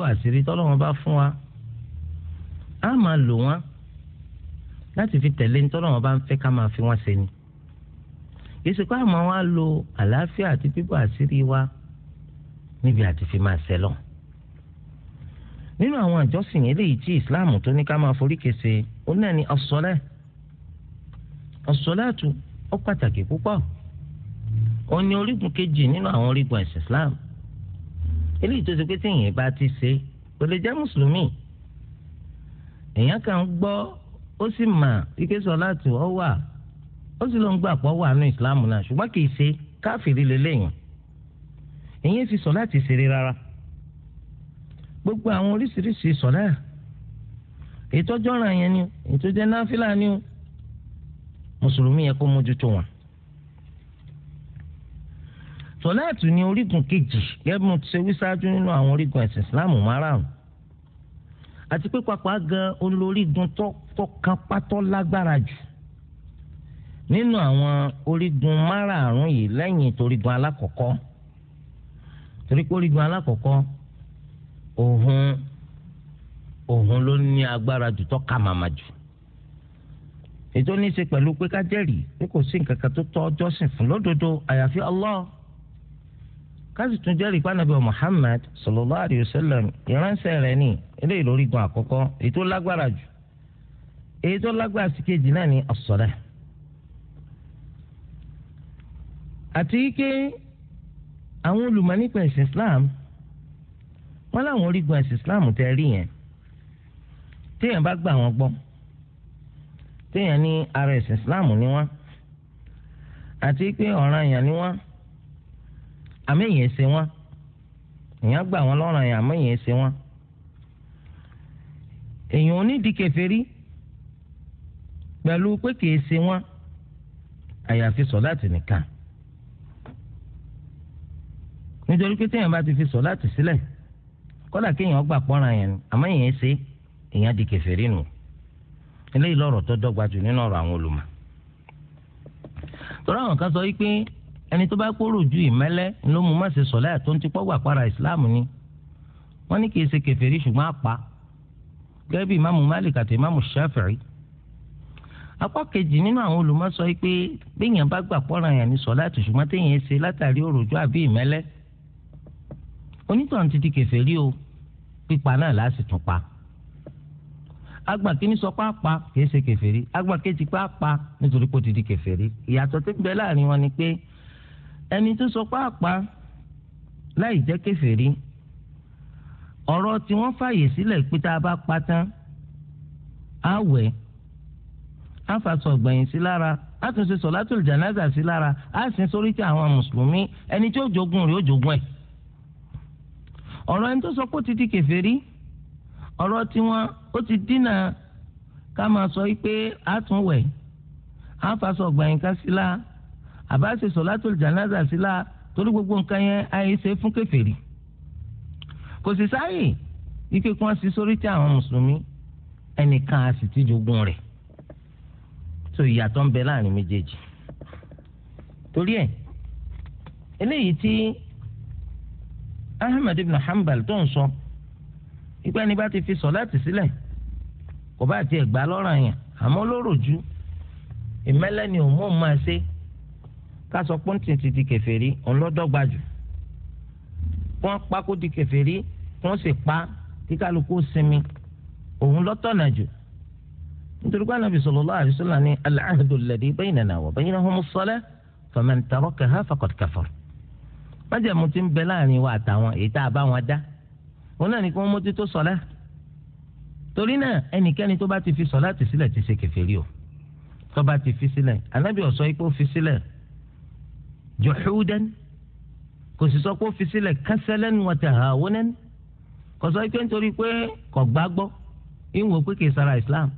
sípò àṣírí tọ́lọ́wọ́n bá fún wa á máa lò wọ́n láti fi tẹ̀lé ní tọ́lọ́wọ́n bá ń fẹ́ ká máa fi wọ́n ṣe ni èsì pé àmọ́ wa lo àlàáfíà àti pípò àṣírí wa níbi àti fi máa ṣẹlọ̀ nínú àwọn àjọsìn eléyìí tí Islam tó ní ká máa forí kese ó náà ní ọ̀sọ́lẹ̀ ọ̀sọ́lẹ̀ àtú ó pàtàkì púpọ̀ ó ní orígun kejì nínú àwọn orígun ẹ̀sìn Islam. Islam eléyìí tó ṣe pé tí èèyàn bá ti ṣe kò lè jẹ́ mùsùlùmí èèyàn kan gbọ́ ó sì mà ike sọ̀láàtù ó wà ó sì ló ń gbà pọ̀ wà ní ìsìláàmù náà ṣùgbọ́n kì í ṣe káfíìrì lélẹ́yìn èèyàn sì sọ̀láàtì ṣeré rárá gbogbo àwọn oríṣiríṣi sọ̀láà ìtọ́jọ́ràn yẹn ni ìtọ́jẹ́ náfìlà ni mùsùlùmí yẹ kó mójútó wọn sọláàtù ní orígun kejì gẹ́gẹ́ bí mo ti ṣe wí ṣáájú nínú àwọn orígun ẹ̀sìn islam márùn-ún àti pé pàpà gan olórígun tó kan pátó lágbára jù nínú àwọn orígun márààrún yìí lẹ́yìn torígun alákọ̀ọ́kọ́ torí pé orígun alákọ̀ọ́kọ́ òhun òhun ló ní agbára jù tó ka màmá jù ètò ní í ṣe pẹ̀lú pé ká jẹ́rìí pé kò sí nǹkan kan tó tọ́ ọjọ́ sìn fún lódodo àyàfi Allah káàsì tún jẹ́rìí pànàbí Muhammad sallallahu alayhi wa sallam ìránṣẹ́ rẹ̀ ni eléyìí lórí gan àkọ́kọ́ èyí tó lágbára jù èyí tó lágbára sí kejì náà ni as-salah àti ike àwọn olùmọ̀ nípa ẹ̀sìn Islam wọ́n láwọn orígun ẹ̀sìn Islam tẹ́ rí yẹn téèyàn bá gbà wọ́n gbọ́ téèyàn ní ara ẹ̀sìn Islam ni wọ́n àti pé ọ̀ranyàn ni wọ́n àmọ́ èyàn ẹsẹ wọn èyàn gbà wọn lọ́rùn yẹn àmọ́ èyàn ẹsẹ wọn èyàn onídìí kèfèrí pẹ̀lú pé kìí ṣe wọn àyàfi láti nìkan nítorí pé téèyàn bá ti fi láti sílẹ̀ kódà kéèyàn gbà pọ́nra yẹn àmọ́ èyàn ṣe èyàn di kèfèrí nù eléyìí lọ́rọ̀ tó dọ́gba jù nínú ẹni tó bá kóró ju ìmẹ́lẹ́ ló mú má ṣe sọ̀lá tó ń ti pọ́gbà para ìsìláàmù ni wọ́n ní kì í ṣe kèfèrí ṣùgbọ́n àpá gẹ́gẹ́ bí ìmáàmù Malik àti ìmáàmù Shafi'i apá kejì nínú àwọn olùmọ̀sọ yìí pé béèyàn bá gbà pọ́nra ní sọ̀lá tó ṣùgbọ́n téèyàn ṣe látàrí òròjú àbí ìmẹ́lẹ́ onítàn o pípa náà láti tún pa agbà kí ni sọ pé àpá kì í ṣe kèfèrí agbà kejì pé ni pé ẹni tó sọ páàpá láì jẹ́ kèfèrí ọ̀rọ̀ tí wọ́n fààyè sílẹ̀ pé tá a bá pa tán á wẹ̀ á fàṣọ gbẹ̀yìn sí lára á tún ṣe sọ̀látùl jánásà sí lára á sin sórí tí àwọn mùsùlùmí ẹni tí ó jogún rẹ̀ ó jogún ẹ̀ ọ̀rọ̀ ẹni tó sọ pé ó ti di kèfèrí ọ̀rọ̀ tiwọn ó ti dínà ká máa sọ pé á tún wẹ̀ á fàṣọ gbẹ̀yìn ká sí lára àbá ṣe sọ̀látùl jánásà sí la torí gbogbo nǹkan yẹn ayé ṣe fún kèfèrí kò sì sáàyè ike kí wọ́n sì sórí tí àwọn mùsùlùmí ẹnìkan á sì ti jogún rẹ̀ tó ìyàtọ̀ ń bẹ láàrin méjèèjì torí ẹ̀ eléyìí tí Ahmad ibn Hanbal tó ń sọ ìgbà ni bá ti fi sọ̀láàtì sílẹ̀ kò bá tiẹ̀ gbà lọ́rọ̀ yẹn àmọ́ lóròjú ìmẹ́lẹ́ ni òun mọ̀ máa ṣe ká sọ pọ́ǹtì ti di kèfèrí ọlọ́dọ́gba jù wọ́n pa kó di kèfèrí wọ́n sì pa kí kálukú sinmi òun lọ́tọ̀nà jù nítorí pé anabi sallallahu alaihi wasallam ní al-ahdu alladhi baynana wa baynahumu as-salah faman tarakaha faqad kafara májàmú ti ń bẹ láàrin wa àtàwọn èyí tá a bá wọn dá òun náà ní kí torí náà ẹnikẹ́ni tó bá ti fi sọlá ti sílẹ̀ ti ṣe kèfèrí o tó bá ti fi sílẹ̀ anabi ọ̀sọ́ ipò fi sílẹ̀ juhudan kò sì sọ pé ó fi sílẹ̀ kasalan wa tahawunan kò sọ pé nítorí pé kò gbàgbọ́ ìwọ̀n pé kìí sara islam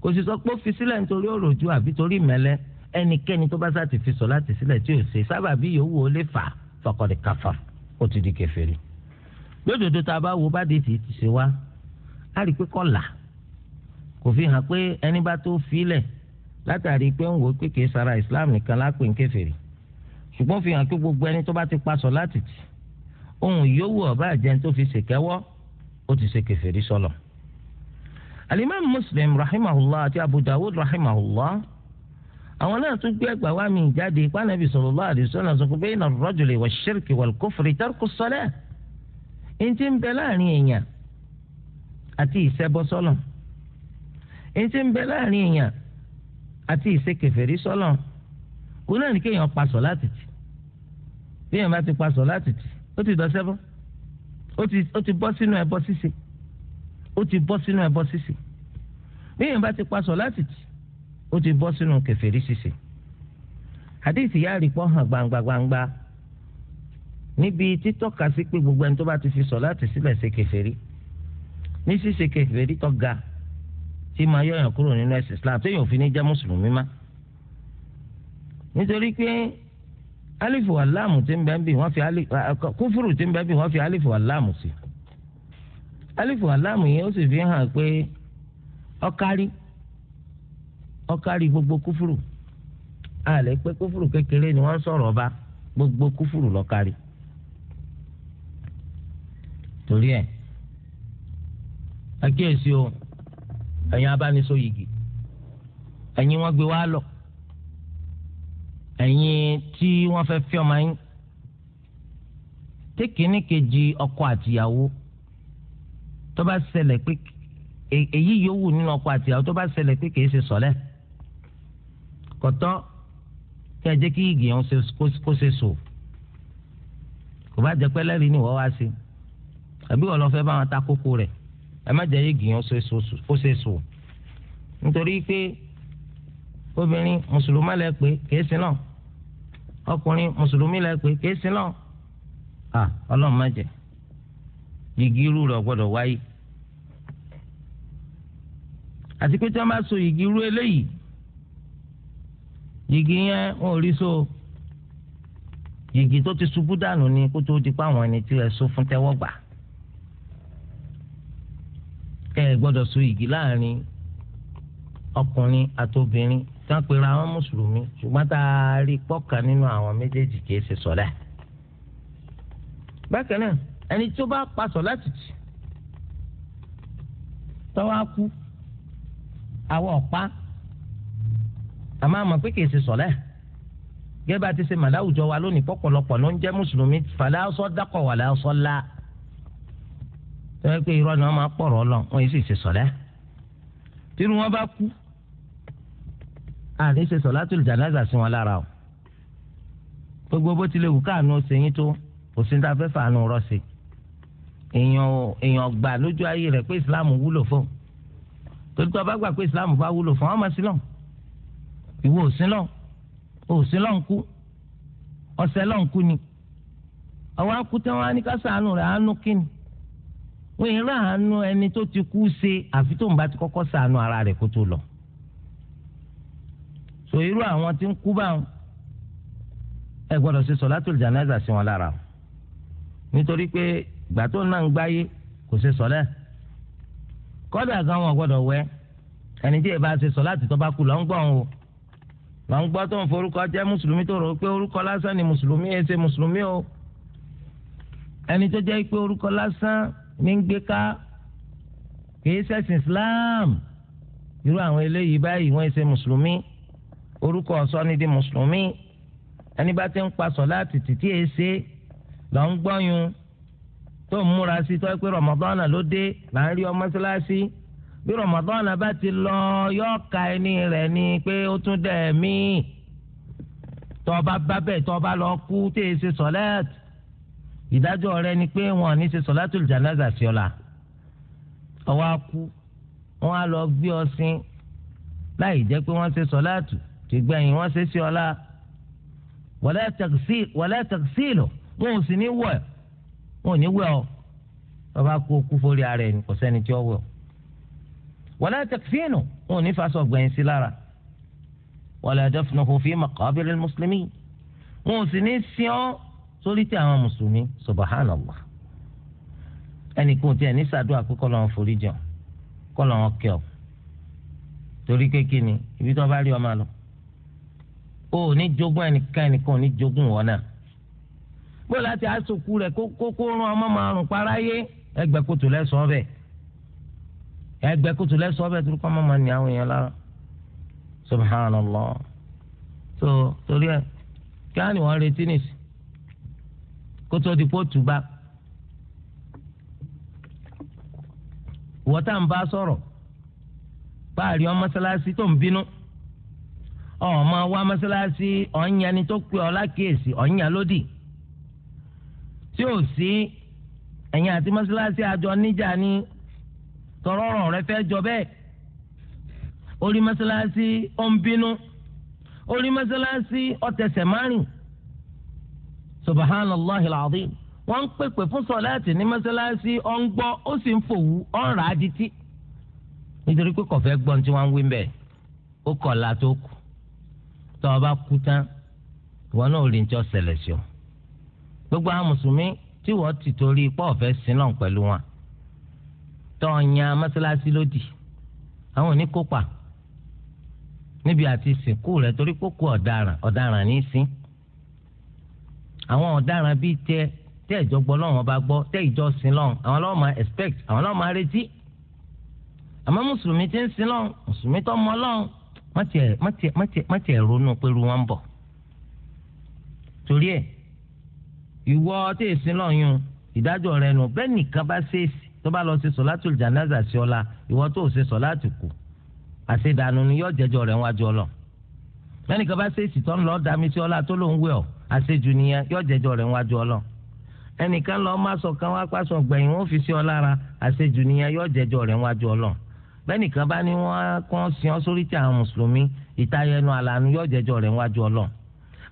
kò sì sọ pé ó fi sílẹ̀ nítorí òròjú àbí torí mẹ́lẹ́ ẹnikẹ́ni tó bá sá ti fi sọ láti sílẹ̀ tí ò ṣe sábàbí yòówù ó lè fà faqad kafar ó ti di kèfèrí lódodo tá a bá wo bá di ti ṣe wá a rí i pé kọlà kò fi hàn pé ẹni bá tó filẹ̀ látàrí pé ń wò pé kìí sara islam nìkan lápè ń kèfèrí ṣùgbọ́n fi hàn pé gbogbo ẹni tó bá ti paṣọ láti tì ohun yòówù ọba àjẹn tó fi ṣèkẹ́wọ́ ó ti ṣe kèfèrí sọlọ. alimami muslim rahimahullah àti abu dawud rahimahullah àwọn náà tún gbé ẹgbàá wa mi jáde pànàbí sallallahu alaihi wasallam sọ pé bayna ar-rajuli wash-shirki wal-kufri tarku as ń bẹ láàrin èèyàn àti ìṣẹbọ sọlọ ẹni ń bẹ láàrin èèyàn àti ìṣe sọlọ kò náà ní kéèyàn pa sọ láti tì bí èèyàn bá ti pa sọ láti tì ó ti dọ̀sẹ́ bọ́ ó ti bọ́ sínú ẹbọ ṣíṣe ó ti bọ́ sínú ẹbọ ṣíṣe bí èèyàn bá ti pa sọ láti tì ó ti bọ́ sínú kèfèrí ṣíṣe hadith yà rí pọ́ hàn gbangba gbangba níbi títọ́ka sí pé gbogbo ẹni tó bá ti fi sọ láti sílẹ̀ ṣe kèfèrí ní ṣíṣe kèfèrí tó ga tí máa yọ̀yàn kúrò nínú ẹ̀sìn Islam téèyàn ò fi ní jẹ́ mùsùlùmí má nítorí pé alifu alamu ti tí ń bẹ ń bì fi kúfúrù tí ń bẹ ń bì fi alifu wa láàmù alifu yẹn sì fi hàn pé gbogbo kufuru àlẹ́ pé kúfúrù kékeré ni wọ́n ọba gbogbo kúfúrù lọ́kárí torí ẹ̀ àkíyèsí o ẹ̀yin abánisọ yìí gbé wá lọ. ẹ̀yin tí wọ́n fẹ́ fi ọmọ yín tékìní kejì ọkọ àtìyàwó tó bá ṣẹlẹ̀ pé e, èyí yòówù nínú ọkọ àtìyàwó tó bá ṣẹlẹ̀ pé kìí ṣe sọ̀lẹ̀ kọ̀tọ́ kí ẹ jẹ́ kí igi yẹn kó ṣe sò kò bá jẹ́ pẹ́lẹ́rì ni wọ́n wá sí àbí wọ́n lọ fẹ́ bá wọn ta kókó rẹ̀ ẹ má jẹ́ igi yẹn kó ṣe sò nítorí pé obìnrin mùsùlùmá lẹ pé kìí ṣe náà ọkùnrin mùsùlùmí la pé kìí sin náà à ọlọ́run má jẹ yìgì irú rẹ̀ gbọ́dọ̀ wáyé àti pé tí wọ́n bá so yìgì irú eléyìí yìgì yẹn wọn ò rí so yìgì tó ti ṣubú dànù ni kó tó di pa àwọn ẹni tí ẹ so fún tẹ́wọ́ gbà ẹ gbọ́dọ̀ so yìgì láàrin ọkùnrin àtobìnrin tán pera àwọn mùsùlùmí ṣùgbọ́n tá a rí pọ́kà nínú àwọn méjèèjì kìí ṣe sọ́lá. bákan náà ẹni tó bá pa sọ́lá tìtì tọ́wọ́ á kú àwọn ọ̀pá àmọ́ àmọ́ pé kìí ṣe sọ́lá gẹ́gẹ́ bá ti ṣe màláwùjọ wa lónìí pọ̀pọ̀lọpọ̀ ló ń jẹ́ mùsùlùmí fàlàsọ dákọ̀ wà lásọ lá tọ́wọ́ pé irọ́ ni wọ́n máa pọ̀rọ̀ ọlọ́ wọn yìí sì ṣe sọ́lá tí irú bá kú àní ṣe sọ̀látùl jànáza sí wọn lára o gbogbo bó tilẹ̀ wù káànú ṣẹ́yìn tó òsín tá a fẹ́ fàánú rọ́ọ̀sì èèyàn èèyàn gbà lójú ayé rẹ̀ pé islam wúlò fún un torí tó o bá gbà pé islam bá wúlò fún un ọmọ sílọ̀ ìwọ òsínlọ̀ òsínlọ̀ ń kú ọ̀sẹ̀ lọ̀ ń kú ni àwọn akutẹ wọn á ká ṣàánú rẹ̀ àánú kíni wọn ìran àánú ẹni tó ti kú ṣe àfi tó ń bá ti kọ́kọ́ ṣàánú ara rẹ̀ kó tó lọ so irú àwọn tí ń kú bá wọn ẹ gbọ́dọ̀ ṣe sọ̀látùl jánásà sí wọn lára nítorí pé ìgbà tó náà ń gbáyé kò ṣe sọ̀lẹ́ kọ́dà gan wọn gbọ́dọ̀ wẹ ẹni tí ìbá ṣe sọ̀láàtì tó bá kú lọ́ ń gbọ́n o lọ́ ń gbọ́ tó ń forúkọ jẹ́ mùsùlùmí tó rò pé orúkọ lásán ni mùsùlùmí ẹ ṣe mùsùlùmí o ẹni tó jẹ́ pé orúkọ lásán ní ń gbé ká kì í ṣẹ̀sìn Islam irú àwọn eléyìí báyìí wọ́n ṣe mùsùlùmí orúkọ sọ́ni di mùsùlùmí ẹni bá ti ń pa sọ̀láàtì títí ẹ̀ ṣe lọ ń gbọ́yún tó ń múra sí tó ẹ pé rọmọdọ́nà ló dé là ń rí ọ mọ́ṣáláṣí bí rọmọdọ́nà bá ti lọ yóò ka ẹni rẹ̀ ni pé ó tún dẹ̀ mí tọba bá bẹ́ẹ̀ tọba lọ kú tẹ̀ ẹ ṣe sọ̀láàtì ìdájọ́ rẹ̀ ni pé wọn ò ní ṣe sọ̀láàtùl jánásà sí ọ la ọwọ́ á kú wọn á lọ gbé ọ láì jẹ́ pé wọ́n ṣe sọ̀láàtù ṣùgbẹ́yìn wọ́n ṣe sí ọlá wọlé tẹ̀síìlù wọn ò sì ní wẹ̀ wọn ò ní wẹ̀ ọ́ bàbá kú okú forí ara ẹni kò sẹ́ni tí ó wẹ̀ ọ́ wọlé tẹ̀síìlù wọn ò ní fa sọ̀gbẹ̀yìn sí lára wọlé dẹ́fúnukù fi maqabir mùsùlùmí wọn ò sì ní sin ọ́ sórí tí àwọn mùsùlùmí subhanallah ẹnì kò tiẹ̀ ní sàdúrà pé kọ́ lọ́wọ́ forí jẹun kọ́ lọ́wọ́ kẹ́ ọ torí kékeré ibi tó bá rí ọ máa lọ o ò ní jogún ẹnìkan ẹnìkan ò ní jogún wọn náà bó láti àsòkù rẹ kókó rán ọmọ márùn paráyé ẹgbẹ kòtò lẹsọ ọbẹ ẹgbẹ kòtò lẹsọ ọbẹ tó kọ́ ọmọ máa ní àwọn èèyàn lára subhanallah so torí ẹ kí á ní wọn retí nìsí kótó di kó tùbá. wọ́n tá à ń bá sọ̀rọ̀ báàrí ọmọ mọ́sálásí tó ń bínú ọmọ wa mọ́sálásí ọ̀nyani tó pe ọ lákèésí ọ̀nyà lódì tí ò sí ẹ̀yìn àti mọ́sálásí àjọ níjà ni tọrọrọ rẹ fẹ́ jọ bẹ́ẹ̀ orí mọ́sálásí ó ń bínú orí mọ́sálásí ó tẹsẹ̀ márùn subahánàláhi alazim wọ́n ń pèpè fún sọláàtì ní mọ́sálásí ó ń gbọ́ ó sì ń fòwú ó ń rà á di tí nítorí pé kò gbọ́n tí wọ́n ń wí bẹ́ẹ̀ ó kọ̀ la tó kù tó o bá kú tán ìwọ náà ò lè jọ ṣẹlẹ̀ sí ọ gbogbo àwọn mùsùlùmí tí wọ́n ti torí pọ́ ọ̀fẹ́ sílọ̀ pẹ̀lú wọn tó o yan mọ́sálásí lódì àwọn ò ní kópa níbi àti sìnkú rẹ̀ torí kókó ọ̀daràn ọ̀daràn ní í sín àwọn ọ̀daràn bíi tẹ tẹ ìjọ gbọ́ bá gbọ́ tẹ ìjọ sin lọ́wọ́n àwọn lọ́wọ́ máa expect àwọn lọ́wọ́ máa retí àmọ́ mùsùlùmí ti ń sin lọ́wọ́n mùsùlùmí tó mọ́ lọ́wọ́n má tiẹ̀ ronú pé ru wọn ń bọ̀ torí ẹ̀ ìwọ tí èsì lọ́yún ìdájọ́ rẹ nù bẹ́ẹ̀ nìkan bá ṣèèṣì tó bá lọ sí sọ̀látù jàǹdàzà sí ọ̀la ìwọ tó ṣe sọ̀látù kù àṣedànù ni yóò jẹ́jọ́ rẹ̀ wájú ọlọ bẹ́ẹ̀ nìkan bá ṣèèṣì tó ń lọ dàmí sí ọ̀la tó ló ń wẹ̀ ọ́ àṣejù nìyẹn yóò jẹ́jọ́ rẹ̀ wájú ọlọ ẹnìkan lọ má sọ kan wá pàṣọ gbẹ̀yìn wọn fi sí ọ lára àṣejù nìyẹn yóò jẹ́jọ́ rẹ̀ wájú ọlọ́run bẹ́nìkan bá ní wọ́n kàn sí ọ sórí tí àwọn mùsùlùmí ìtayẹnu àlànà yóò jẹ́jọ́ rẹ̀ níwájú ọlọ́run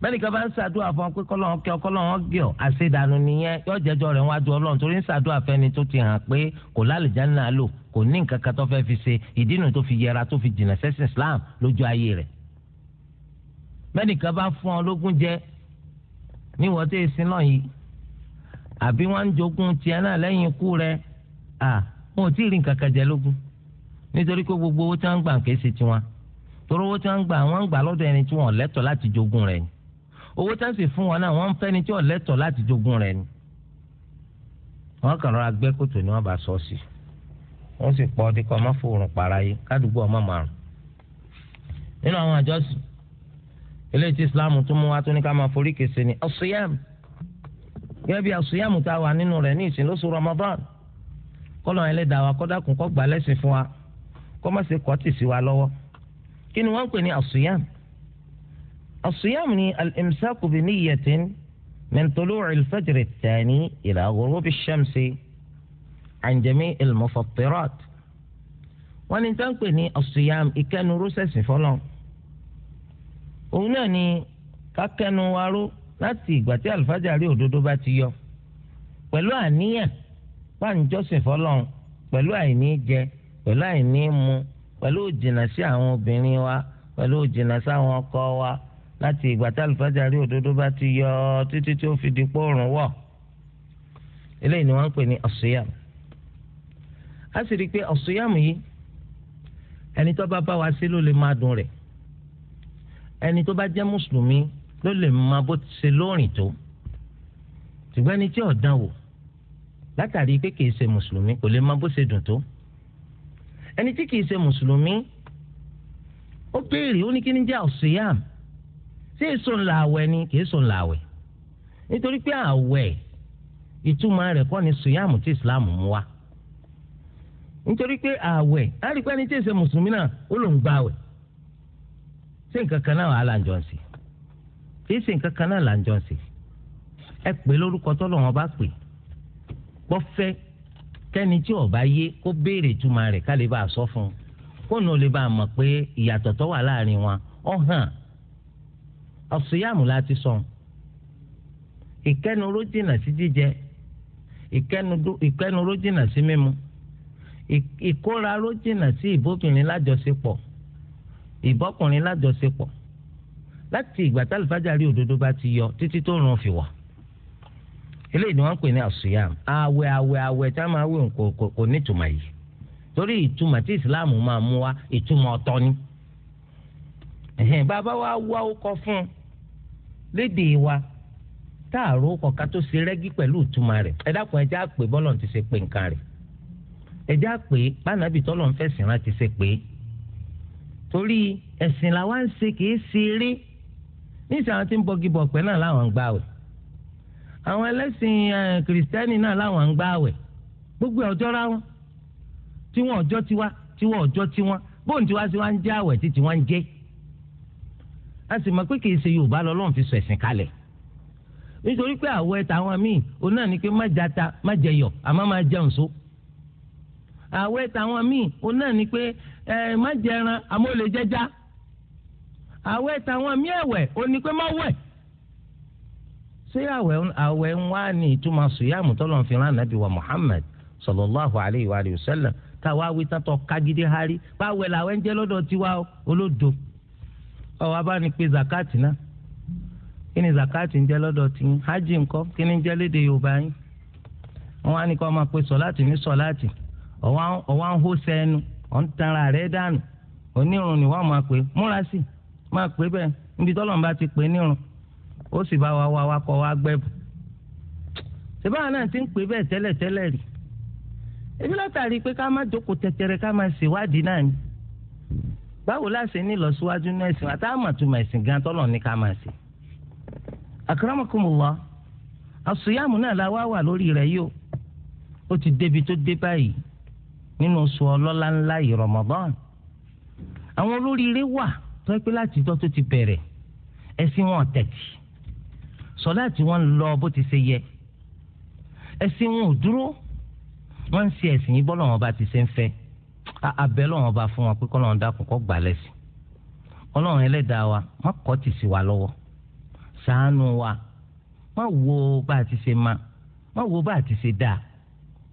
bẹ́nìkan bá ń ṣàdúrà fún ọ pé kọ́lọ́hún kẹ́ ọ kọ́lọ́hún gẹ̀ ọ àṣedànù nìyẹn yóò jẹ́jọ́ rẹ̀ níwájú ọlọ́run torí ń ṣàdúrà fẹ́ni tó ti hàn pé kò lálùjáná lò kò ní nǹkan kan tó fẹ́ fi ṣe ìdínú tó fi yẹra tó fi jìnà sẹ́sìn Islam lójú ayé rẹ̀ bẹ́nìkan bá fún ọ lógún jẹ níwọ̀n tó èsì náà yìí àbí wọ́n ń jogún tiẹ̀ nítorí pé gbogbo owó tí wọ́n ń gbà kìí ṣe tiwọn torí owó tí wọ́n ń gbà wọ́n ń gbà lọ́dọ̀ ẹni tí wọ́n lẹ́tọ̀ọ́ láti jogún rẹ̀ ni owó tí wọ́n sì fún wọn náà wọ́n ń fẹ́ ni tí wọ́n lẹ́tọ̀ọ́ láti jogún rẹ̀ ni. wọ́n kàn rọra gbẹ́ kòtò ní wọ́n bá sọ sí wọ́n sì pọ̀ ọdí kan má fòrùn para yìí kádùúgbò ọmọ márùn. nínú àwọn àjọsìn eléyìí tí Islam tún mú wa tó ní ká máa forí kèsè ni ọ̀sùnyàmù gẹ́gẹ́ bí ọ̀sùnyàmù tá a wà nínú rẹ̀ ní ìsìn lóṣù Ramadan kọ́ kọ́mọ̀sí kọ́tì sí wa lọ́wọ́ kí ni wọ́n ń pè ní asuyam asuyam ni al-imsaku bi niyyatin min tulu'i al-fajr ath-thani ila ghurubi ash-shamsi an jami'i al-mufattirat wọ́n ní tá ń pè ní asuyam ìkẹnu rọ́sẹ̀sì fọlọ́ òun náà ni kákẹnu wa láti ìgbà tí alifájàrí òdodo bá ti yọ pẹ̀lú àníyàn pàǹjọ́sìn fọlọ́n pẹ̀lú àìní pẹ̀lú àìní mu pẹ̀lú òjìnà sí àwọn obìnrin wa pẹ̀lú òjìnà sí àwọn ọkọ wa láti ìgbà tá àlùfájàrí òdodo bá ti yọ títí tí ó fi di pòrùn wọ̀ eléyìí ni wọ́n ń pè ní ọ̀sùyàm a sì rí i pé ọ̀sùyàm yìí ẹni tó bá bá wa sí ló lè máa dùn rẹ̀ ẹni tó bá jẹ́ mùsùlùmí ló lè máa bó ti ṣe lóòrìn tó ṣùgbọ́n ẹni tí ọ̀dàn wò látàrí pé kìí ṣe mùsùlùmí kò lè máa bó ṣe dùn tó ẹni tí kìí ṣe mùsùlùmí ó béèrè ó ní kí ni jẹ́ àṣìyàm ṣé èso ńlá àwẹ̀ ni kìí ṣe ńlá àwẹ̀ nítorí pé àwẹ̀ ìtumọ̀ rẹ̀ kọ́ ni ṣìyàm tí islam mú wa nítorí pé àwẹ̀ àríkú ẹni tí èsè mùsùlùmí náà ó lòún gba àwẹ̀ ṣé nǹkan kan náà wàhálà ń jọ ṣe nǹkan kan náà là ẹ pè lórúkọ tọ́lọ́ wọn bá pè gbọ́fẹ́ kẹ́ni tí ó bá yé kó béèrè túmọ̀ rẹ̀ ká lè bá a sọ fún un kó nù lè bá a mọ̀ pé ìyàtọ̀ tó wà láàrin wọn ó hàn ọ̀sùnyàmù láti sọ ìkẹ́nu rójìnà sí jíjẹ ìkẹ́nu rójìnà sí mímu ìkóra rójìnà sí ìbókùnrin lájọṣepọ̀ ìbọ́kùnrin lájọṣepọ̀ láti ìgbà tálífájà rí òdodo bá ti yọ títí tó rùn fi wà. eléyìí ni nkwenye ń pè ní àsùyàm àwẹ̀ àwẹ̀ àwẹ̀ tí wọ́n máa wẹ̀ kò ní ìtumọ̀ yìí torí mua tí ìsìláàmù máa mú wa ni bàbá wa wá ọkọ fún un wa táàrọ̀ ọkọ̀ ká tó ṣe ẹ dákun ẹ jẹ́ àpè bọ́lọ̀ ti ṣe pé nǹkan rẹ̀ ẹ àpè ń rán ti ṣe pé torí ń ṣe kì í ṣe eré ní ìsàn àwọn tí ń àwọn ẹlẹ́sìn eh, kìrìsìtẹ́nì náà làwọn ń gbààwẹ̀ gbogbo ọjọ́ ra wọn tí wọn ọjọ́ tiwa tí ọjọ́ tiwọn bóun tiwa sí wa ń jẹ́ àwẹ̀ tí wọn ń jẹ́ a sì mọ̀ pé kì í ṣe Yorùbá lọ́lọ́run fi sọ ẹ̀sìn kalẹ̀ nítorí pé àwẹ̀ tàwọn míì òun náà ní pé má jata má jẹyọ̀ àmọ́ má jẹun so àwẹ̀ tàwọn míì òun náà ní pé ẹ eh, má jẹran àmọ́ ò lè jẹja àwẹ̀ tàwọn míì ẹ̀wẹ̀ òun ní pé má wẹ̀ ṣé àwẹ̀ ń wá ní ìtumọ̀ sùyàmù tọ́lọ̀ fi rán nàbí wa Muhammad sallallahu alayhi wa sallam táwa wí tátọ̀ kágídé hárí báwẹ̀ làwẹ̀ ń jẹ́ lọ́dọ̀ tiwa olódo ọwọ́ abáni pé zakati náà kí ni zakati ń jẹ́ lọ́dọ̀ tí hajj ńkọ́ kí ni ń jẹ́ léde Yorùbá yín wọn á ní kó máa pe sọláàtì ní sọláàtì ọwọ́ ń hó sẹ́nu ọ̀n tanra rẹ̀ dànù onírun ni wọ́n máa pe múra sí máa pe bẹ́ẹ̀ níbi tọ́lọ́mùbá ti pe nírun ó sì bá wa wá wakọ̀ wá gbẹ́bù ṣèbá náà ti ń pè bẹ́ẹ̀ tẹ́lẹ̀ tẹ́lẹ̀ rí ebi látàrí pé ká má jókòó tẹtẹrẹ ká má ṣèwádìí náà ni báwo la ṣe ní ìlọsíwájú náà ẹ̀sìn àtàmọ̀túmọ̀ ẹ̀sìn gan tọ́lọ̀ ní ká máa ṣe. akramakumullah àṣùyàmù náà la wá wà lórí rẹ̀ yìí o ó ti débi tó dé báyìí nínú oṣù ọlọ́lá ńlá yìí Ramadan àwọn olóríire wà tó ẹ pé láti ìjọ tó ti bẹ̀rẹ̀ ẹ̀sìn wọn tẹ̀tì sọlá tí wọ́n ń lọ bó ti ṣe yẹ ẹ̀sìn wọn ò dúró wọ́n ń ṣe ẹ̀sìn yìí bọ́lọ̀ wọn bá ti ṣe ń fẹ́ abẹ́ lọ́wọ́n bá fún wọn pé kọ́lọ́run dákun kọ́ gbà lẹ́sìn ọlọ́run ẹlẹ́dàá wa má kọ́ ti sí wa lọ́wọ́ ṣàánú wa má wo bá ti ṣe ma má wo bá ti ṣe dáa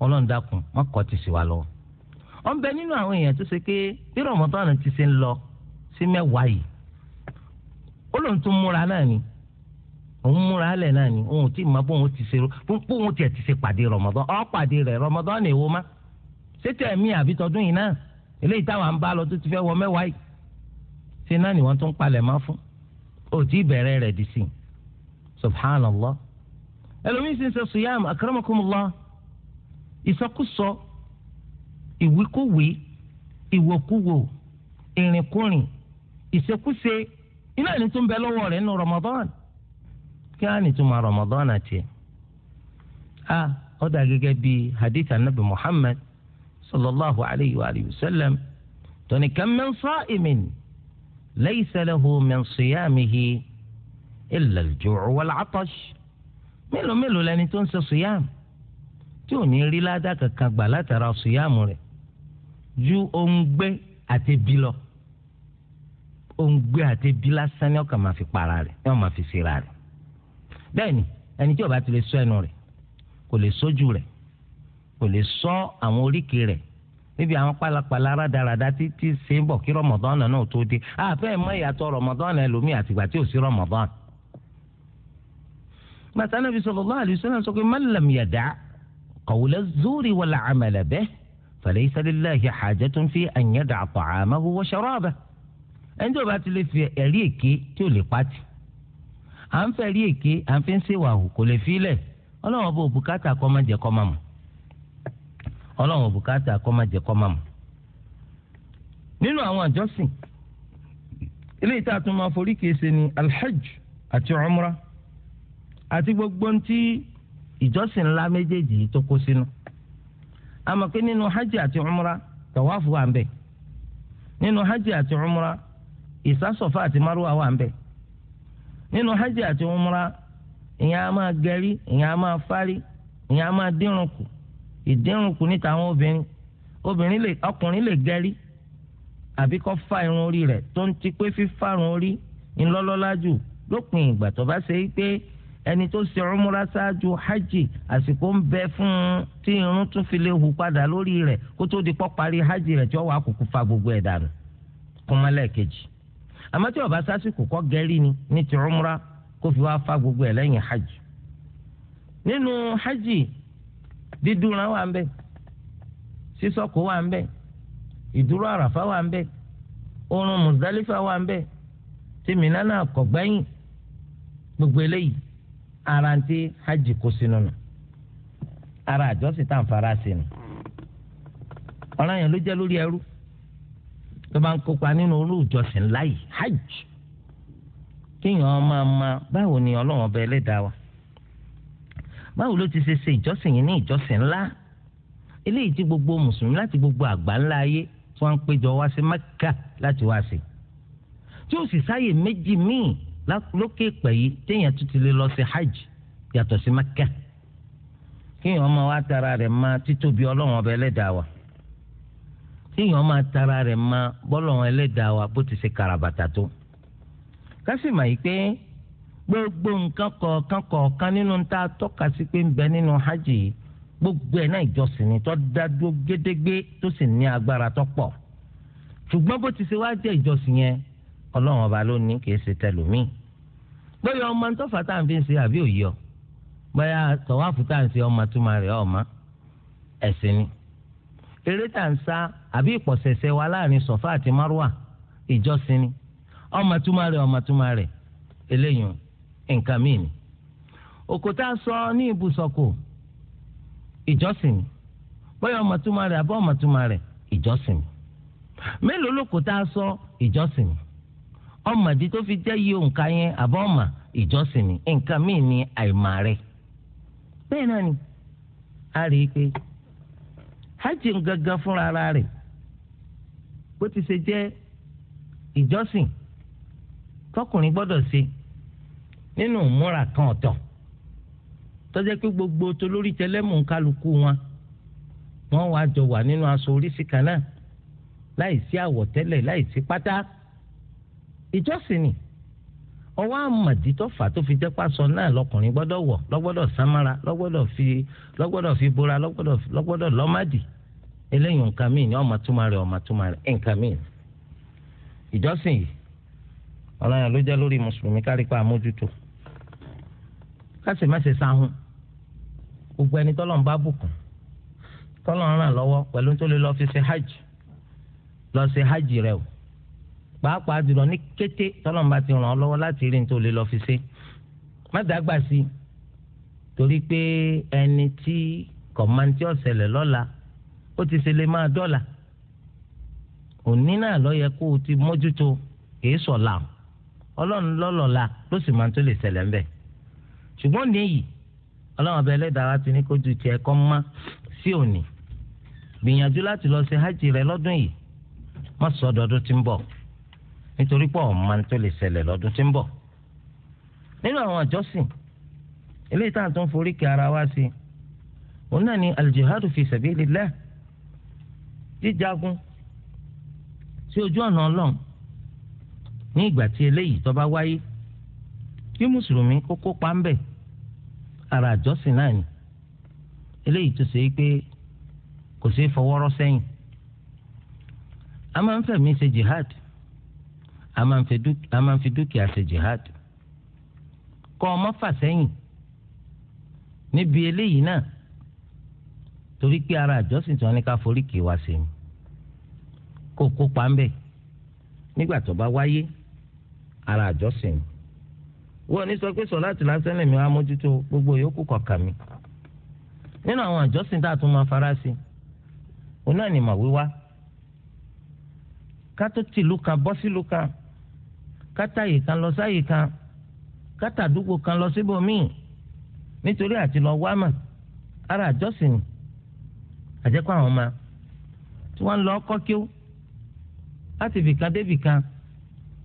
ọlọ́run dákun má kọ́ ti sí wa lọ́wọ́ ọ̀n bẹ nínú àwọn èèyàn tó ṣe pé bí Ramadan ti ṣe ń lọ sí mẹ́wàá yìí ó lóun tún múra náà ni òun múra alẹ̀ náà ni òun ti mọ bóun ti ṣe bóun tiẹ̀ ti ṣe pàdé rọmọdán ọ pàdé rẹ rọmọdán ni èwo má ṣètò ẹ̀mí àbí tọdún yìí náà eléyìí táwọn bá lọ tó ti wọ mẹ́wàá yìí ṣe náà ni wọ́n tún palẹ̀ má fún ó ti bẹ̀rẹ̀ di sí subhanallah ẹlòmíín sì ń sọ suyam akramakumullah ìsọkúsọ ìwíkúwí ìwòkúwò ìrìnkúrìn ìṣekúṣe iná ni tó ń bẹ kí á nìtumọ̀ rọmọdọ́nà tiẹ̀ a ó dà gẹ́gẹ́ bí hadith anabi muhammad sallallahu alayhi wa sallam tóní kam min sa'imin laysa lahu min siyamihi illa al-ju'u wal-'atash mélòó mélòó lẹni tó ń ṣe siyam tí ò ní rí ládàá kankan gbà látara siyam rẹ̀ ju òǹgbẹ àti ebi lọ òǹgbẹ àti ebi lásán ni ọkàn máa fi para rẹ̀ ni wọn máa fi ṣera rẹ̀ bẹ́ẹ̀ni ẹni tí ó bá ti lè sọ ẹnu rẹ̀ kò lè sójú rẹ̀ kò lè sọ àwọn oríkèé rẹ̀ níbi àwọn pálapàla rádaràda tí tí ṣe ń bọ̀ kí rọmọdánù náà tó dé àfẹ́ mọ ìyàtọ̀ rọmọdánù ẹlòmíì àtìgbà tí ò sí rọmọdánù. bàtà nàbì sallallahu alaihi wasallam sọ pé man lam yada' qawla zuri wal amala bihi falaysa lillahi hajatun fi an yada'a ta'amahu wa sharabahu. ẹni tí ó bá ti lè fi ẹ̀rí èké tí ò lè pàtì à ń fẹ́ rí èké à ń fi ń ṣèwà hù kò lè filẹ̀ ọlọ́wọ́n bò bùkátà kọ́ máa jẹ kọ́ máa mọ̀ ọlọ́wọ́n bùkátà kọ́ máa jẹ kọ́ máa mọ̀ nínú àwọn àjọsìn máa forí ni alhajj àti umra àti gbogbo ìjọsìn ńlá méjèèjì yìí tó kó sínú àmọ́ pé nínú hajj àti umra tàwáfù wà ń bẹ nínú hajj àti nínú hajj àti umra ìyẹn a máa gẹrí ìyẹn a máa fárí ìyẹn a máa dírùnkù ìdírùnkù ní tàwọn obìnrin obìnrin lè ọkùnrin lè gẹrí àbí kó fa irun orí rẹ̀ tó ń ti pé fífarun orí ńlọ́lọ́lá jù lópin ìgbà tó bá ṣe é pé ẹni tó ṣe umra ṣáájú hajj àsìkò ń bẹ fún un tí irun tún fi lè hù padà lórí rẹ̀ kó tó di pọ́ parí hajj rẹ̀ tí ó wà á kúkú fa gbogbo ẹ̀ dànù kúmọ́lẹ̀ kejì àmọ́ tí ó bá sásìkò kọ́ gẹ́rí ni ní ti umra kó fi wá fa gbogbo ẹ̀ lẹ́yìn hajj nínú hajj dídúnra wà ń bẹ sísọkò wà ń bẹ ìdúró àràfà wà ń bẹ oorun Muzdalifa wà ń bẹ tí Mínà náà kò gbẹ́yìn gbogbo eléyìí ara ń tí hajj kó sínú nù ara àjọsìn tá à ọ̀ràn yẹn ló jẹ́ lórí ẹrú tó bá ń kópa nínú olú ìjọsìn láyì hajj kéèyàn máa ma báwo ni ọlọ́run ọba ẹlẹ́dàá wa báwo ló ti ṣe ṣe ìjọsìn yìí ní ìjọsìn ńlá eléyìí tí gbogbo mùsùlùmí láti gbogbo àgbà ńlá ayé tí wọ́n ń péjọ wá sí Mẹ́kà láti wá sí tí ó sì sáyè méjì míì lókè pẹ̀ yìí téèyàn tún ti lè lọ sí hajj yàtọ̀ sí Mẹ́kà kéèyàn máa wá tara rẹ̀ máa títóbi ọlọ́run ọba ẹlẹ́dàá wa kéèyàn máa tara rẹ̀ ma bọ́lọ̀hún ẹlẹ́dàá wa bó ti ṣe karabata tó kásì mà yìí pé gbogbo nǹkan kọ̀ọ̀kan kọ̀ọ̀kan nínú ta tọ́ka sí pé ń bẹ nínú hajj yìí gbogbo ẹ̀ náà ìjọsìn ni tó dádúró gédégbé tó sì ní agbára tó pọ̀ ṣùgbọ́n bó ti ṣe wá jẹ́ ìjọsìn yẹn ọlọ́run ọba ló ní kì í ṣe tẹlòmíì bóyá ọmọ tó fà tá à ń fi ṣe àbí òye ọ bóyá tọ̀wáfù tá à ń ṣe ọmọ túmọ̀ rẹ̀ ọmọ ẹ̀sìn ni eré tà ń sá àbí ìpọ̀sẹ̀sẹ̀ wa láàrin sọ̀fà àti márùwà ìjọsìn ni ọmọ rẹ̀ ọmọ rẹ̀ eléyìí nǹkan míì ni òkúta sọ ní ibùsọ̀kò ìjọsìn ni bóyá fi jẹ́ òǹkà yẹn àbọ̀ ọmọ a hajj gangan fúnra ara rẹ̀ bó ti ṣe jẹ́ ìjọsìn tọkùnrin gbọ́dọ̀ ṣe nínú ìmúra kan ọ̀tọ̀ tọ́jẹ́ pé gbogbo tolórí tẹlẹ́mù kálukú wọn wọ́n wàá jọ wà nínú aṣọ oríṣi kan náà láì sí àwọ̀tẹ́lẹ̀ láì sí pátá ìjọsìn ni ọwọ́ àmọ̀dí tó fà tó fi jẹ́ pàṣọ náà lọkùnrin gbọ́dọ̀ wọ̀ lọ́gbọ́dọ̀ sámára lọ́gbọ́dọ̀ fi lọ́gbọ́dọ̀ fi bora lọ́gbọ́dọ̀ lọ́mádì eléyìí nǹkan míì ni ọmọ túmọ̀ rẹ̀ ọmọ túmọ̀ rẹ̀ nǹkan míì ni. ìjọsìn yìí ọlọ́yàn ló jẹ́ lórí mùsùlùmí kárípa àmójútó káṣí má ṣe sáhùn gbogbo ẹni tọ́lọ̀ ń bá bùkún tọ́lọ̀ ń ràn lọ́wọ́ pẹ̀lú tó lè lọ fi ṣe hajj lọ ṣe hajj rẹ̀ o pàápàá jùlọ ní kété tọ́lọ́mùbá ti ràn ọ́ lọ́wọ́ láti rí nítorí olè lọ́ọ́ fi ṣe má dàgbà sí i torí pé ẹni tí kọ̀mántì ọ̀sẹ̀lẹ̀ lọ́la ó ti ṣe lè máa dọ́là òní náà lọ́yẹ kó o ti mójútó kìí sọ̀la ọlọ́run lọ́lọ́la ló sì máa tó lè ṣẹlẹ̀ ti ní kó ju hajj rẹ lọ́dún yìí nítorí pé ọ̀hún máa ń tó lè ṣẹlẹ̀ lọ́dún tí ń bọ̀ nínú àwọn àjọsìn eléyìí tá à ń tún forí kí ara wa sí òun náà ni aljihadu fi sabilillah jíjagun sí ojú ọ̀nà ọlọ́run ní ìgbà tí eléyìí tó bá wáyé kí mùsùlùmí kó kópa ń bẹ̀ ara àjọsìn náà ni eléyìí tó ṣe é pé kò ṣeé fọwọ́rọ́ sẹ́yìn a máa ń fẹ̀mí ṣe jihad a máa ń fi dúkìá ṣe jihad kọ́ ọmọ fà sẹ́yìn níbi eléyìí náà torí pé ara àjọsìn tí wọ́n ní ká forí kì í wá sí i kó kópa ń bẹ nígbà tó bá wáyé ara àjọsìn wọ́n ní sọ pé sọ láti lásán lèmi wá mójútó gbogbo yòókù kọ̀ọ̀kan mi nínú àwọn àjọsìn tá a tún máa fara sí òun náà ni mà wíwá ká tó tìlú kan bọ́ sílùú kan kátàyè kan lọ sáyè kan kátàdúgbò kan lọ síbòmíì nítorí àti lọ wá mà ara àjọsìn àjẹkọ àwọn ọmọ tí wọ́n ń lọ ọkọ kí láti fìkà dé bìkan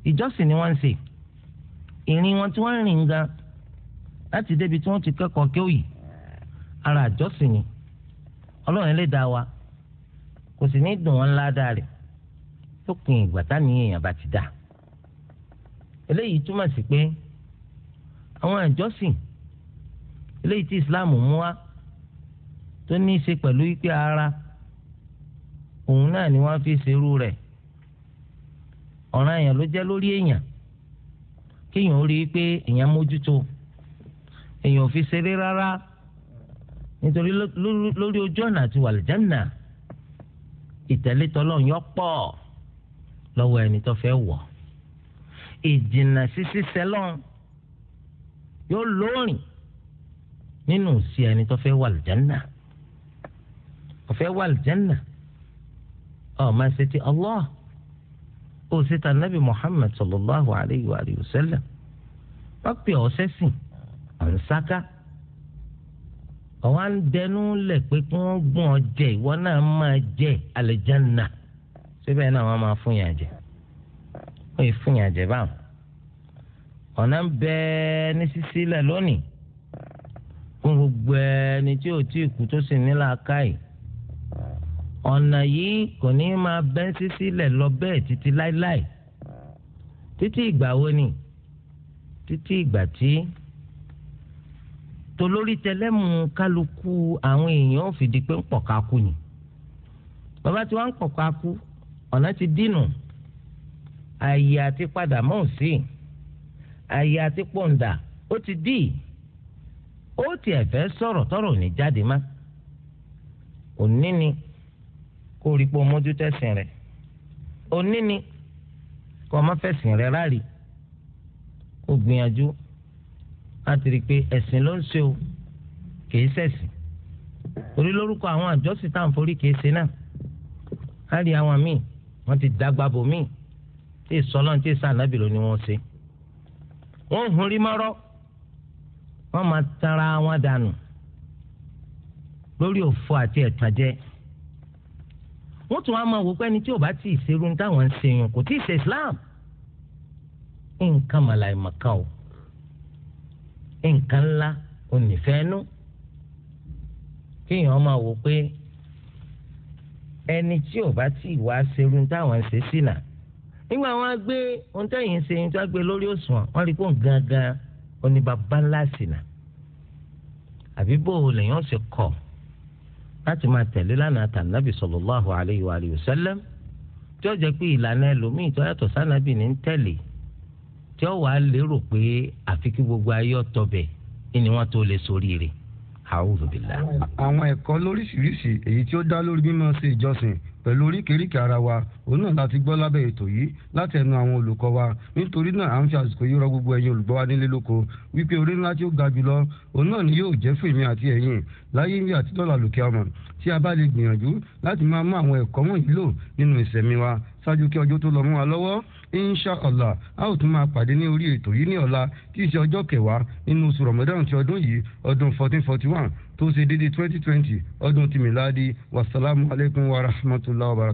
ìjọsìn ni wọn ń ṣe ìrìn wọn tí wọ́n rìn gan láti débi tí wọ́n ti kẹ́kọ̀ọ́ kí yìí ara àjọsìn ni Ọlọ́run lè dá wa kò sì ní dùn wọn ńlá dáa rẹ̀ lópin ìgbà tá nìyẹn yẹn bá ti dáa. eléyìí túmọ̀ sí pé àwọn àjọsìn eléyìí tí islam mú wá tó ní í ṣe pẹ̀lú wípé ara òun náà ni wọ́n fi ṣerú rẹ̀ ọ̀ràn èèyàn ló jẹ́ lórí èèyàn kéèyàn ó rí i pé èèyàn mójútó èèyàn ò fi ṣeré rárá nítorí lórí ojú ọ̀nà àti wàlìjánà ìtẹ̀lé tọ́lọ́run yọ pọ̀ lọ́wọ́ ẹni tó fẹ́ wọ̀ ọ́ ìjìnà sísí sẹlọ́n yóò lóorìn nínú sí ẹni tó fẹ́ wà lùjánà ó fẹ́ wà lùjánà ó máa ṣe ti Allah ó ṣe ta nabi Muhammad sallallahu alayhi wa sallam wọ́n pè ọ́ sẹ́sìn ọ̀nsáká ọ̀wá ń dẹnu lẹ̀ pé kí wọ́n gbọ́n ọ jẹ ìwọ náà máa jẹ àlùjánà síbẹ̀ náà wọ́n máa fún yàn jẹ wọ́n yìí fún yàn jẹ́ báwọn. ọ̀nà ń bẹ ní sísí lẹ̀ lónìí fún gbogbo ẹni tí ò tí ì kú tó sì nílà káì. ọ̀nà yìí kò ní máa bẹ́ sísí lẹ̀ lọ bẹ́ẹ̀ títí láéláé títí ìgbà wo ni títí ìgbà tí tolórí tẹlẹ́mù kálukú àwọn èèyàn ò fìdí pé ń pọ̀ ká kú ni bàbá tí wọ́n ń pọ̀ ká kú ọ̀nà ti dínú. No ààyè àti padà mọ́ ò sí ààyè àti pọ̀ǹdà ó ti dì í ó tiẹ̀ fẹ́ sọ̀rọ̀ tọ̀rọ̀ ò ní jáde má òní ni kó rí pé o mójú tẹ̀sìn rẹ̀ òní ni kó o má fẹ̀sìn rẹ̀ ráàlì kó gbìyànjú láti rí i pé ẹ̀sìn ló ń ṣe o kìí ṣẹ̀sìn orí lórúkọ àwọn àjọsìn tá à ń forí kìí ṣe náà á àwọn míì wọ́n ti dàgbà bò míì tí ìsọlọ́n tí ìsànàbì ló ní wọ́n ṣe. wọ́n ń hunrí mọ́rọ́ wọ́n máa tara wọn dànù lórí òfò àti ẹ̀tànjẹ́ wọ́n tún á máa wò pé ẹni tí ò bá tí ì ṣerú ní táwọn ń ṣe yàn kò tí ì ṣe Islam nǹkan màláì màkà o nǹkan ńlá onífẹ́ẹ́nu kéèyàn máa wò pé ẹni tí ò bá tí ì wá ṣerú ní táwọn ń ṣe sí náà nígbà wọn gbé ohun tẹ̀yìn ṣe ohun tí wọ́n gbé lórí òṣùwọ̀n wọ́n rí kó gangan oníbàbá ńlá sínà àbí bó o lèyàn ṣe kọ̀ láti máa tẹ̀lé lánàá tànàbì sallallahu alayhi wa sallam tí ó jẹ́ pé ìlànà ẹlòmíì tó yàtọ̀ sànàbì ní ń tẹ̀lé tí ó wàá lérò pé àfi kí gbogbo ayé ọ̀tọ̀bẹ̀ ni wọ́n tó lè soríire. a'udhu billah. àwọn ẹ̀kọ́ lóríṣiríṣi èyí tí ó dá lórí mímọ́ sí ìjọsìn pẹ̀lú oríkèéríkèé ara wa òun náà láti gbọ́ lábẹ́ ètò yìí láti ẹnu àwọn olùkọ́ wa nítorí náà à ń fi àsìkò yìí rọ gbogbo ẹ̀yin olùgbọ́ nílé lóko wípé orí ńlá tí ó ga jùlọ òun náà ni yóò jẹ́ fèmí àti ẹ̀yin láyé ní àti lọ́la lòkè ọmọ tí a bá lè gbìyànjú láti máa mú àwọn ẹ̀kọ́ wọ̀nyí lò nínú ìsẹ̀mí wa ṣáájú kí ọjọ́ tó lọ mú wa lọ́wọ́ insha allah a ó tún máa pàdé ní orí ètò yìí ní ọ̀la tí í ṣe ọjọ́ kẹwàá nínú oṣù ramadan ti ọdún yìí ọdún fourteen forty one tó ṣe déédéé twenty twenty ọdún tìmíláàdì wasalaamualeykum wa rahmatulah wa barakatuh.